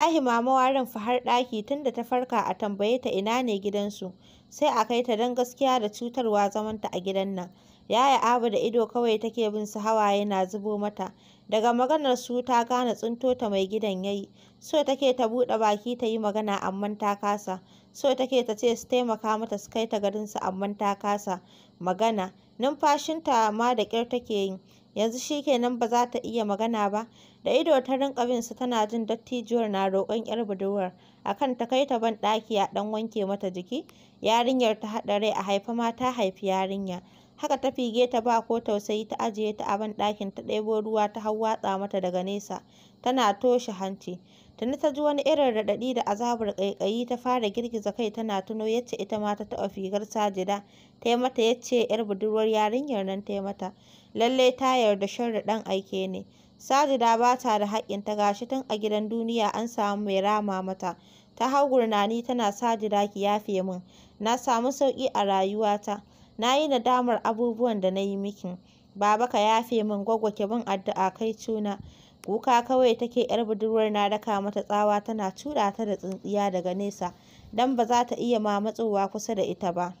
Wallahi mama warin fa har ɗaki tunda ta farka a tambaye ta ina ne gidansu, sai a kai ta don gaskiya da cutarwa zamanta a gidan nan. Yaya Abu da ido kawai take bin su hawaye na zubo mata. Daga maganar su ta gane tsinto ta mai gidan yayi. So take ta buɗe baki ta yi magana amma ta kasa. So take ta ce su taimaka mata su kai ta garinsu amman ta kasa magana. Numfashinta ma da ƙyar take yi. yanzu shi kenan ba za ta iya magana ba da ido ta rinka bin su tana jin dattijuwar na roƙon 'yar budurwar akan ta kai ta ban ɗaki a ɗan wanke mata jiki yarinyar ta haɗa rai a haifa ma ta haifi yarinya haka ta fige ta ba ko tausayi ta ajiye ta a ban ɗakin ta ɗebo ruwa ta hawwatsa mata daga nesa tana toshe hanci tuni ta ji wani irin raɗaɗi da azabar ƙaiƙayi ta fara girgiza kai tana tuno yacce ita ma ta taɓa figar sajida ta yi mata yacce 'yar budurwar yarinyar nan ta yi mata Lallai ta yarda sharri ɗan aike ne sajida ba ta da ta gashi tun a gidan duniya an samu mai rama mata ta hau gurnani tana sajida ki yafe min na samu sauƙi a rayuwata na yi nadamar abubuwan da na yi miki baba ka yafe min gwaggwa ki bin addu'a kai tuna kuka kawai take yar budurwar na daka mata tsawa tana cuɗa ta da tsintsiya daga nesa dan ba za ta iya ma matsowa kusa da ita ba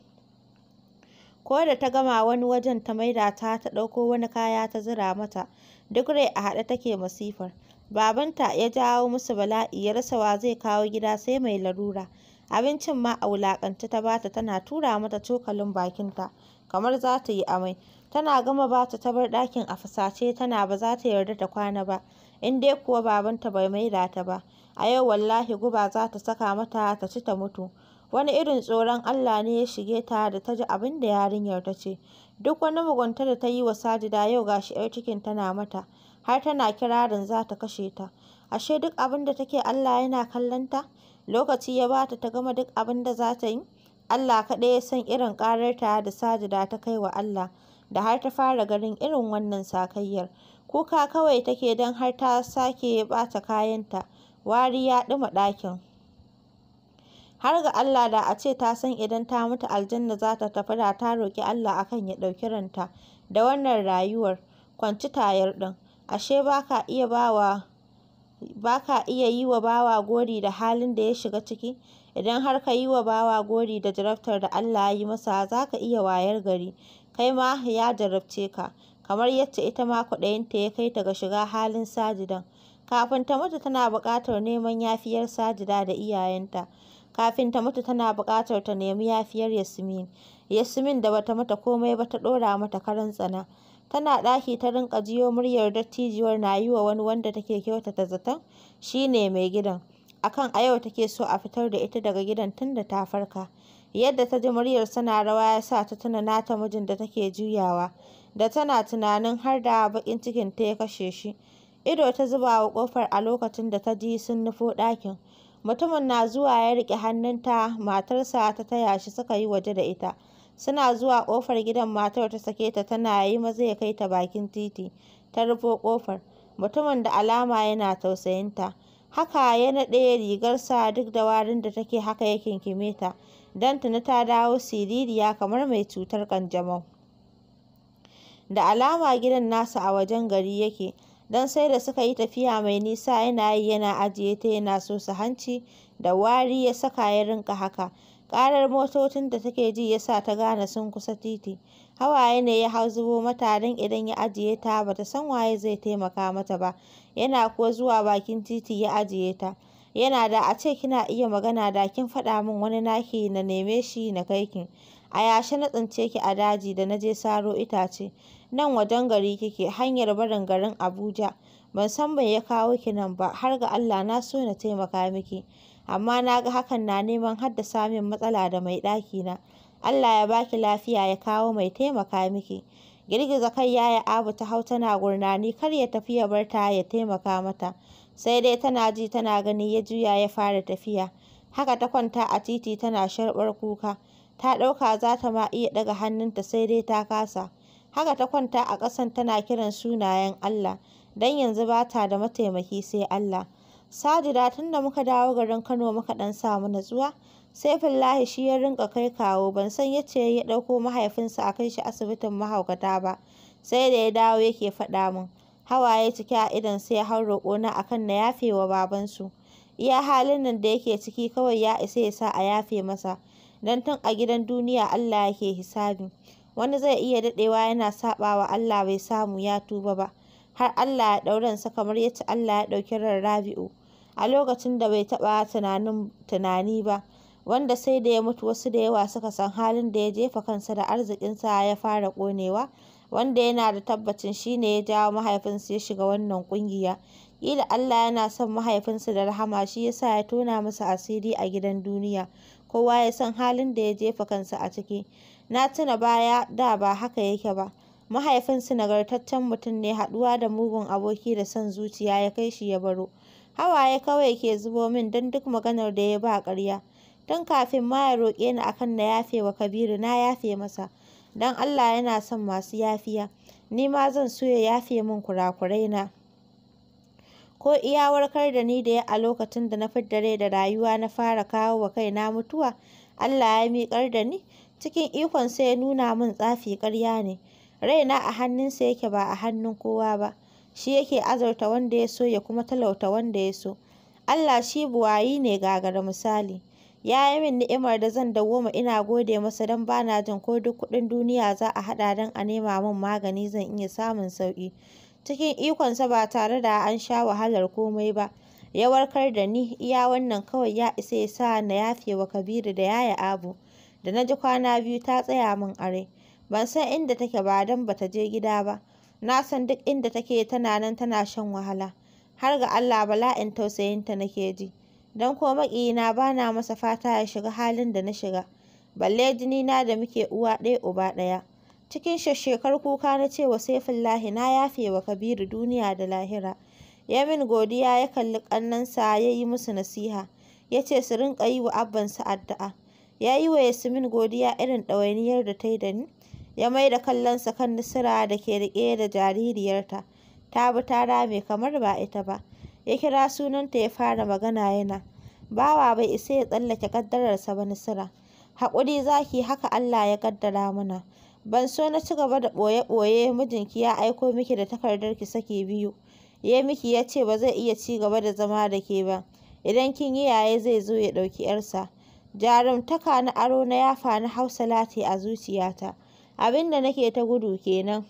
ko da ta gama wani wajen ta maida ta ta ɗauko wani kaya ta zira mata duk rai a haɗe take masifar babanta ya jawo musu bala'i ya rasa wa zai kawo gida sai mai larura abincin ma a wulaƙance ta bata tana tura mata cokalin bakinta kamar za ta yi amai tana gama bata ta bar ɗakin a fusace tana ba za ta yarda ta kwana ba in dai kuwa babanta bai maida ta ba a yau wallahi guba za ta saka mata ta ci ta mutu Wani irin tsoron Allah ne ya shige ta da ta ji abin da yarinyar ta ce, duk wani mugunta da ta yi wa Sajida yau ga shi 'yar cikin tana mata, har tana kirarin za ta kashe ta. Ashe duk abin da take Allah yana kallon ta? Lokaci ya ba ta gama duk abin da za ta yi? Allah kaɗai ya san irin ta da Sajida ta kai wa Allah, da har ta fara garin irin wannan sakayyar. Kuka kawai take don har ta sake ɓata kayanta, wari ya ɗuma ɗakin. Har ga Allah da a ce ta san idan ta mutu aljanna za ta tafi da ta roƙi Allah akan ya ɗauki ranta da wannan rayuwar, kwanci tayar ɗin, ashe ba ka iya yi wa bawa gori da halin da ya shiga ciki, idan har ka yi wa bawa gori da jarabtar da Allah ya yi masa za ka iya wayar gari, kai ma ya jarabce ka, kamar yacce ita ma kwaɗayinta ya kai ta ga shiga halin Sajidan. Kafin ta mutu tana buƙatar neman yafiyar Sajida da iyayenta. kafin ta mutu tana buƙatar ta nemi yafiyar Yasmin. Yasmin da bata mata komai ba ta ɗora mata karan tsana. Tana ɗaki ta rinƙa jiyo muryar dattijuwar na yi wa wani wanda take kyautata zaton shi ne mai gidan. Akan a yau take so a fitar da ita daga gidan tun da ta farka. Yadda ta ji muryar sana rawa ya sa ta tuna nata mijin da take juyawa, da tana tunanin har da bakin cikin ta ya kashe shi. Ido ta zuba wa ƙofar a lokacin da ta ji sun nufo ɗakin. Mutumin na zuwa ya riƙe hannunta, matarsa ta taya shi suka yi waje da ita. Suna zuwa ƙofar gidan matar ta sake ta tana yi maza ya kai ta bakin titi. Ta rufo ƙofar. Mutumin da alama yana tausayinta. Haka ya naɗe rigarsa duk da warin da take haka ya kinkime ta. Don tuni ta dawo siririya kamar mai cutar ƙanjamau. Da alama gidan nasa a wajen gari yake. don sai da suka yi tafiya mai nisa yana yi yana ajiye ta yana so su hanci da wari ya saka ya rinka haka. Karar motocin da take ji ya sa ta gane sun kusa titi. Hawaye ne ya hau zubo mata don idan ya ajiye ta ba ta san waye zai taimaka mata ba. Yana kuwa zuwa bakin titi ya ajiye ta. Yana da a ce kina iya magana da kin faɗa min wani naki na neme shi na kai kin. A yashe na tsince ki a daji da na je saro itace. Nan wajen gari kike, hanyar barin garin Abuja. Ban san me ya kawo ki nan ba, har ga Allah na so na taimaka miki, amma na ga hakan na neman haddasa min matsala da mai na Allah ya baki lafiya ya kawo mai taimaka miki. Girgiza kai ya ya Abu ta hau tana gurnani kar ya tafi ya bar ta ya taimaka mata. Sai dai tana ji tana gani ya juya ya fara tafiya. Haka ta kwanta a titi tana sharɓar kuka. ta ɗauka za ta ma iya ɗaga hannunta sai dai ta kasa. Haka ta kwanta a ƙasan tana kiran sunayen Allah, don yanzu ba ta da mataimaki sai Allah. Sajida tun da muka dawo garin Kano muka ɗan samu natsuwa, sai fillahi shi ya rinƙa kai kawo, ban san yace ya ɗauko mahaifinsa a kai shi asibitin mahaukata ba, sai da ya dawo yake faɗa min. Hawaye cike a idon sai ya hau roƙona akan na yafe wa babansu. Iya halin nan da yake ciki kawai ya isa ya sa a yafe masa. don tun a gidan duniya Allah yake hisabi. Wani zai iya dadewa yana saɓawa Allah bai samu ya tuba ba, har Allah ya ɗaurinsa sa kamar yaci Allah ya ɗauki ran Rabi'u a lokacin da bai taɓa tunanin tunani ba, wanda sai da ya mutu wasu da yawa suka san halin da ya jefa kansa da arzikin sa ya fara ƙonewa, wanda yana da tabbacin shine ya jawo mahaifinsa ya shiga wannan ƙungiya. Ƙila Allah yana son mahaifinsa da rahama shi yasa ya tona masa asiri a gidan duniya. kowa ya san halin da ya jefa kansa a ciki. Na tuna baya da ba haka yake ba. Mahaifinsu nagartaccen mutum ne haɗuwa da mugun aboki da son zuciya ya kai shi ya baro. Hawaye kawai ke zubo min don duk maganar da ya ba ƙarya. Tun kafin ma ya roƙe ni akan na yafe wa Kabiru na yafe masa. Don Allah yana son masu yafiya. Ni ma zan so ya yafe min kurakurai na. ko iya warkar da ni da ya a lokacin da na fidda rai da rayuwa na fara kawo wa kaina mutuwa Allah ya miƙar da ni cikin ikon sa ya nuna min tsafi ƙarya ne raina a hannunsa yake ba a hannun kowa ba shi yake azurta wanda ya so ya kuma talauta wanda ya so Allah shi buwayi ne ga gagara misali ya yi min ni'imar da zan dawwama ina gode masa don bana jin ko duk kuɗin duniya za a haɗa don a nema min magani zan iya samun sauƙi cikin ikonsa ba tare da an sha wahalar komai ba. Ya warkar da ni, iya wannan kawai ya isa ya sa na yafe wa Kabiru da yaya Abu, da na ji kwana biyu ta tsaya min are. Ban san inda take ba don ba ta je gida ba, na san duk inda take tana nan tana shan wahala. Har ga Allah bala'in tausayinta nake ji, don ko maƙiyina ba na masa fata ya shiga halin da na shiga, balle jini na da muke uwa ɗaya uba ɗaya. Cikin shashekar kuka na cewa, wa Saifullahi na yafe wa Kabiru duniya da lahira. Yamin godiya ya kalli ƙannensa ya yi musu nasiha. Ya ce su rinƙa yi wa abbansa addu'a. Ya yi wa Yasmin godiya irin ɗawainiyar da ta yi da ni. Ya mai da kallonsa kan nisira da ke riƙe da jaririyarta. Ta bi ta rame kamar ba ita ba. Ya kira sunanta ya fara magana yana. Bawa bai isa ya tsallake ƙaddararsa ba nisira. Haƙuri zaki haka Allah ya ƙaddara mana. ban so na ci gaba da ɓoye-ɓoye mijinki ya aiko miki da takardar ki saki biyu ya miki ya ce ba zai iya ci gaba da zama da ke ba idan kin yi yaye zai zo ya ɗauki yarsa jarumtaka na aro na yafa na hausa lati a zuciyata abin da nake ta gudu kenan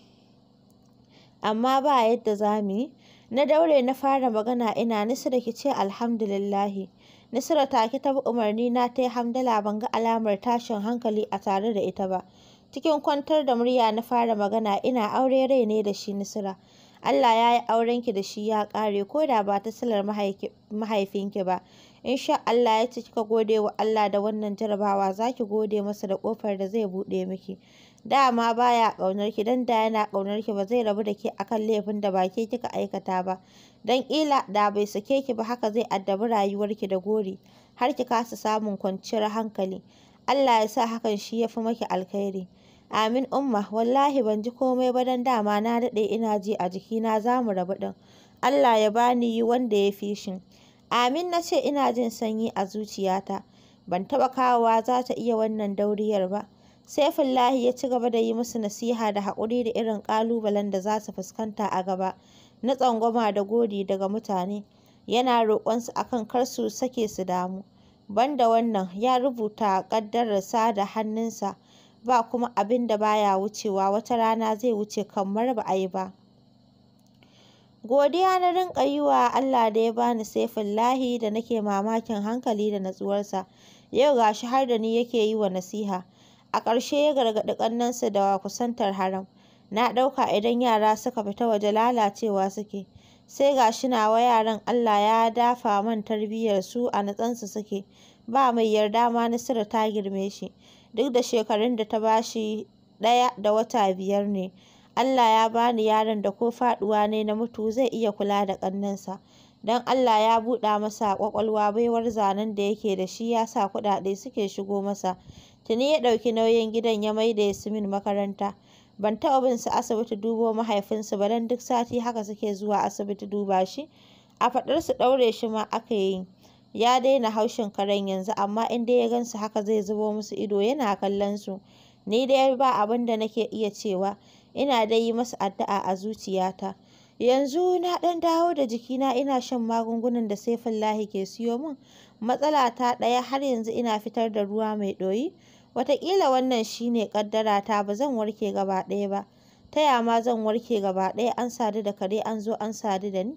amma ba yadda za mu yi na daure na fara magana ina nisra ki ce alhamdulillahi nisra take ta umarni na ta yi hamdala ban ga alamar tashin hankali a tare da ita ba Cikin kwantar da murya na fara magana, ina aure rai ne da shi Nusra. Allah ya yi aurenki da shi ya kare, ko da ba ta silar mahaifinki ba. In sha Allah ya ci kika gode wa Allah da wannan jarabawa za ki gode masa da ƙofar da zai buɗe miki. Dama baya ƙaunar ki dan da yana ƙaunar ki ba zai rabu da ke akan laifin da ba ke kika aikata ba. Dan ƙila da bai sake ki ba haka zai addabi rayuwarki da gori har ki kasa samun kwanciyar hankali. Allah ya sa hakan shi ya fi maki alkhairi. Amin Umma, wallahi ban ji komai ba dan dama na daɗe ina ji a jikina za mu rabu ɗin. Allah ya bani wanda ya fi shi. Amin na ce ina jin sanyi a zuciyata. Ban taɓa kawowa za ta iya wannan dauriyar ba. Sai Saifullahi ya ci gaba da yi musu nasiha da haƙuri da irin ƙalubalen da za su fuskanta a gaba na tsangwama da godi daga mutane. Yana roƙonsu akan kar su sake su damu. Banda wannan, ya rubuta ƙaddararsa da hannunsa. ba kuma abin da baya wucewa wata rana zai wuce kamar ba a yi ba godiya na rinƙa yi wa Allah da ya bani sai saifullahi da nake mamakin hankali da natsuwarsa yau gashi har da ni yake yi wa nasiha a ƙarshe ya gargaɗi ƙannensa da kusantar haram na ɗauka idan yara suka fita waje lalacewa suke sai gashi nawa yaran Allah ya dafa man tarbiyyar su a natsansu suke ba mai yarda ma Nasiru ta girme shi duk da shekarun da ta ba shi ɗaya da wata biyar ne. Allah ya bani yaron da ko faɗuwa ne na mutu zai iya kula da ƙannensa. Don Allah ya buɗa masa ƙwaƙwalwa baiwar zanen da yake da shi ya sa kuɗaɗe suke shigo masa. Tuni ya ɗauki nauyin gidan ya mai maida Yasmin makaranta. Ban taɓa bin su asibiti dubo mahaifinsu ba don duk sati haka suke zuwa asibiti duba shi. A faɗarsu ɗaure shi ma aka yi. ya daina haushin karen yanzu amma in dai ya gansu haka zai zubo musu ido yana kallon su ni dai ba abin da nake iya cewa ina dai yi masa addu'a a zuciyata yanzu na ɗan dawo da jikina ina shan magungunan da Saifullahi ke siyo min matsala ta ɗaya har yanzu ina fitar da ruwa mai ɗoyi wataƙila wannan shine ƙaddara ta ba zan warke gaba ɗaya ba ta ya ma zan warke gaba ɗaya an sadu da kare an zo an sadu da ni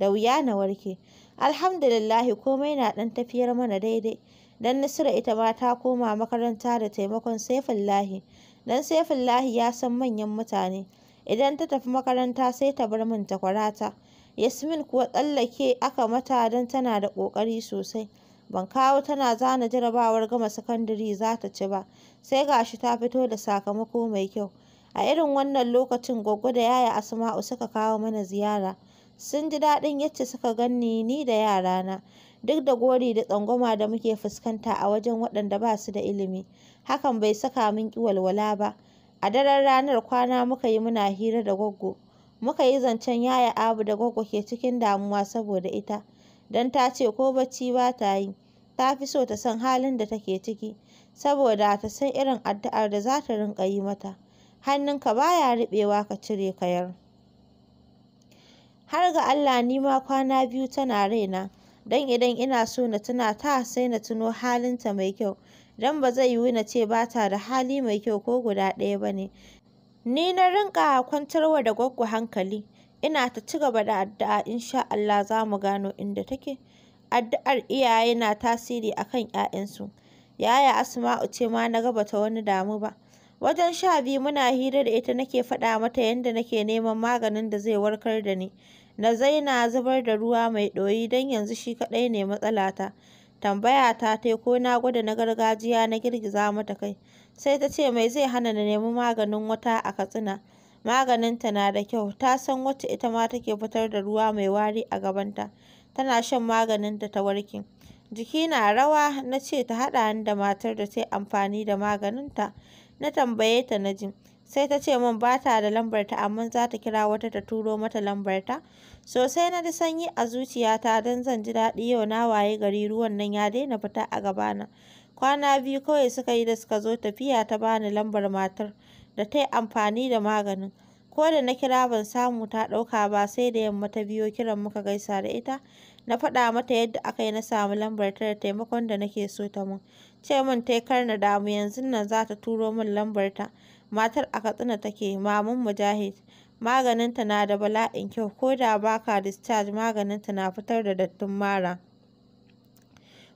da wuya na warke alhamdulillahi komai na ɗan tafiyar mana daidai dan nisra ita ma ta koma makaranta da taimakon Saifullahi dan Saifullahi ya san manyan mutane idan ta tafi makaranta sai ta bar min takwarata Yasmin kuwa tsallake aka mata dan tana da ƙoƙari sosai ban kawo tana zana jarabawar gama sakandare za ta ci ba sai gashi ta fito da sakamako mai kyau a irin wannan lokacin Goggo da yaya Asma'u suka kawo mana ziyara Sun ji daɗin yadda suka ganni ni da yarana, duk da gori da tsangwama da muke fuskanta a wajen waɗanda ba su da ilimi. Hakan bai saka min ƙi walwala ba. A daren ranar kwana muka yi muna hira da Gwaggo. Muka yi zancen yaya Abu da Gwaggo ke cikin damuwa saboda ita, don ta ce ko bacci ba ta yi. Ta fi so ta san halin da take ciki, saboda ta san irin addu'ar da za ta rinƙa yi mata. Hannunka ba ya riɓewa ka cire ka yar. Har ga Allah ni ma kwana biyu tana raina, don idan ina so na tuna ta sai na tuno halinta mai kyau, don ba zai yiwu na ce ba ta da hali mai kyau ko guda ɗaya ba ne. Ni na rinƙa kwantarwa da Gwaggo hankali, ina ta ci gaba da addu'a insha Allah za mu gano inda take. Addu'ar iyaye na tasiri akan kan ‘ya'yansu. Yaya Asma'u ce ma na gaba ta wani damu ba. Wajen sha biyu muna hira da ita nake faɗa mata yadda nake neman maganin da zai warkar da ni na zaina zubar da ruwa mai ɗoyi don yanzu shi kaɗai ne matsalata. Tambaya ta tai ko na gwada na gargajiya na girgiza mata kai, sai ta ce mai zai hana na nemi maganin wata a Katsina, maganinta na da kyau, ta san wacce ita ma take fitar da ruwa mai wari a gabanta, tana shan maganinta ta warke. Jiki na rawa na ce ta haɗa ni da matar da tai amfani da maganinta. Na tambaye ta na ji. Sai ta ce min ba ta da lambarta amma za ta kira wata ta turo mata lambarta. Sosai na ji sanyi a zuciyata don zan ji daɗi yau na waye gari ruwan nan ya daina fita a gabana. Kwana biyu kawai suka yi da suka zo tafiya ta bani lambar matar da ta yi amfani da maganin. Ko da na kira ban samu ta ɗauka ba sai da yamma ta biyo kiran muka gaisa da ita. na faɗa mata yadda aka yi na samu lambar ta da taimakon da nake so ta mun ce min tai kar na damu yanzu nan za ta turo min lambar ta matar a Katsina take Mamun Mujahid maganin ta na da bala'in kyau ko da baka discharge maganinta na fitar da dattin mara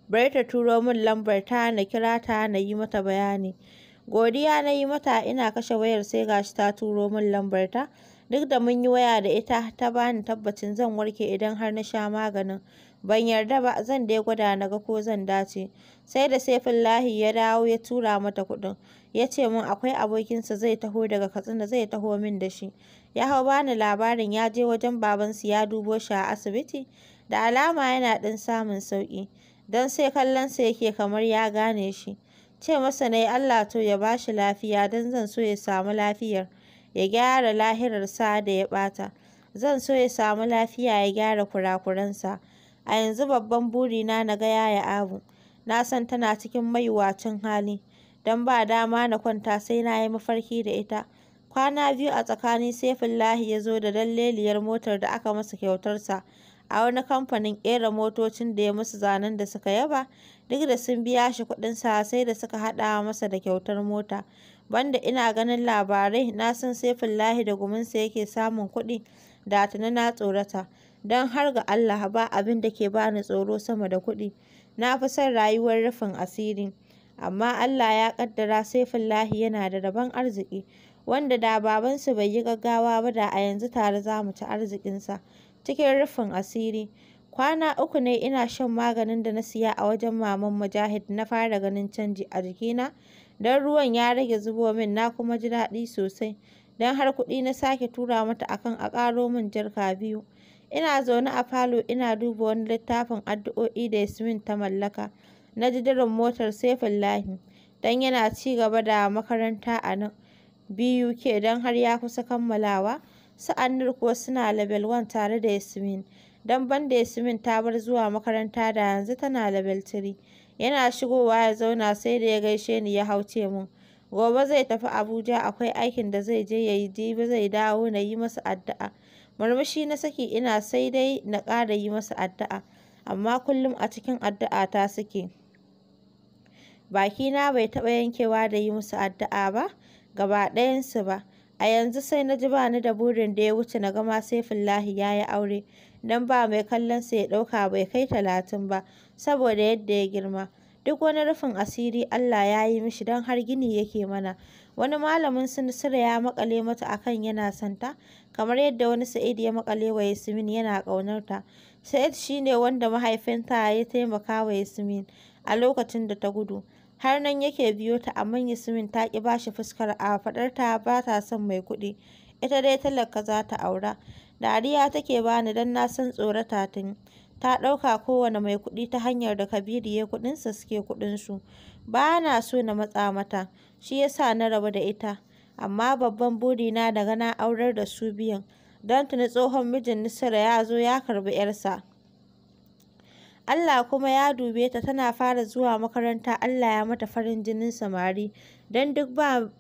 bari ta turo min lambar ta na kira ta na yi mata bayani godiya na yi mata ina kashe wayar sai gashi ta turo min lambar ta Duk da mun yi waya da ita ta bani tabbacin zan warke idan har na sha maganin. Ban yarda ba, zan dai gwada na ga ko zan dace. Sai da Saifullahi ya dawo ya tura mata kuɗin. Ya ce min akwai abokinsa zai taho daga Katsina zai taho min da shi. Ya hau bani labarin ya je wajen babansu ya dubo shi a asibiti. Da alama yana ɗan samun sauƙi. Don sai kallonsa yake kamar ya gane shi. Ce masa na yi Allah to ya bashi lafiya don zan so ya samu lafiyar. ya gyara lahirarsa da ya ɓata. Zan so ya samu lafiya ya gyara kurakuransa. A yanzu babban burina na ga ya Abu. Na san tana cikin maiwacin hali, don ba dama na kwanta sai na yi mafarki da ita. Kwana biyu a tsakani sai fillahi ya zo da dalleliyar motar da aka masa kyautarsa a wani kamfanin ƙera motocin da ya musu zanen da suka yaba, duk da sun biya shi kuɗin sa sai da suka haɗa masa da kyautar mota. Banda ina ganin labarai na san sai fillahi da guminsa yake samun kuɗi, da tuni na tsorata. Don har ga Allah ba abin da ke bani tsoro sama da kuɗi. Na fi son rayuwar rufin asiri. Amma Allah ya ƙaddara fillahi yana da rabon arziki, wanda da babansu bai yi gaggawa ba da a yanzu tare za mu ci arzikinsa. cikin rufin asiri. Kwana uku ne ina shan maganin da na siya a wajen Maman Mujahid na fara ganin canji a jikina don ruwan ya rage zubo min na kuma ji daɗi sosai don har kuɗi na sake tura mata akan a ƙaro min jarka biyu. Ina zaune a falo ina duba wani littafin addu'o'i da Yasmin ta mallaka. Na ji motar motar lahi don yana ci gaba da makaranta a nan BUK don har ya kusa kammalawa. su Annur kuwa suna level 1 tare da Yasmin. Don ban da Yasmin ta bar zuwa makaranta da yanzu tana level 3. Yana shigowa ya zauna sai da ya gaishe ni ya hauce mun. Gobe zai tafi Abuja akwai aikin da zai je ya yi jibi zai dawo na yi masa addu'a. Murmushi na saki ina sai dai na ƙara yi masa addu'a. Amma kullum a cikin addu'a ta suke. Bakina bai taɓa yankewa da yi musu addu'a ba, gaba ɗayansu ba. A yanzu sai na ji ba ni da burin da ya wuce na gama ma fillahi ya yi aure, don ba mai kallonsa ya ɗauka bai kai talatin ba, saboda yadda ya girma. Duk wani rufin asiri Allah ya yi mishi don har gini yake mana. Wani malamin sinsira ya maƙale mata akan yana santa, kamar yadda wani Sa'id ya makale wa Yasmin yana ƙaunar ta. Sa'id shine wanda mahaifinta ya taimaka wa Yasmin a lokacin da ta gudu. har nan yake biyo ta amma Yasmin ta ƙi bashi fuskar a faɗar ta ba ta son mai kuɗi ita dai talaka za ta aura dariya take bani dan na san tsorata tun ta ɗauka kowane mai kuɗi ta hanyar da Kabiru ya kuɗinsa suke kuɗinsu ba na so na matsa mata shi yasa na rabu da ita amma babban buri na daga na aurar da su biyan don tuni tsohon mijin Nusra ya zo ya karbi 'yarsa Allah kuma ya dube ta tana fara zuwa makaranta Allah ya mata farin jinin samari don duk ba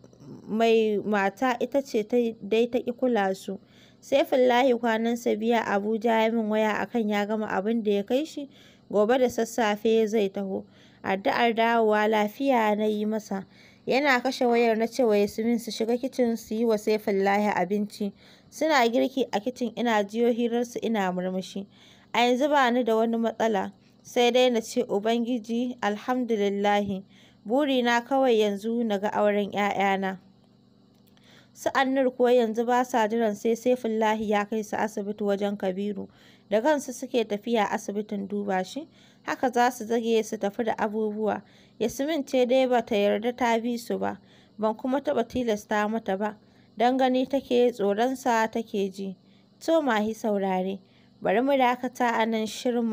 mai mata ita ce dai ta ƙi kula su. fillahi kwanansa biya Abuja ya min waya akan ya gama abin da ya kai shi gobe da sassafe zai taho. Addu'ar dawowa lafiya na yi masa. Yana kashe wayar na cewa Yasmin su shiga kicin su yi wa fillahi abinci. Suna girki a kicin ina jiyo hirarsu ina murmushi. A yanzu ba ni da wani matsala, sai dai na ce Ubangiji Alhamdulillahi, burina kawai yanzu na ga auren 'ya'yana. Su Annur kuwa yanzu ba sa jiran sai Lahi ya kai su asibiti wajen Kabiru, da gansu suke tafiya asibitin duba shi, haka za su zage su tafi da abubuwa. Yasmin ce dai ba ta yarda ta bi su ba, ban kuma taɓa tilasta mata ba, don gani take tsoronsa take ji. To ma saurare. Bari mu dakata a nan shirinmu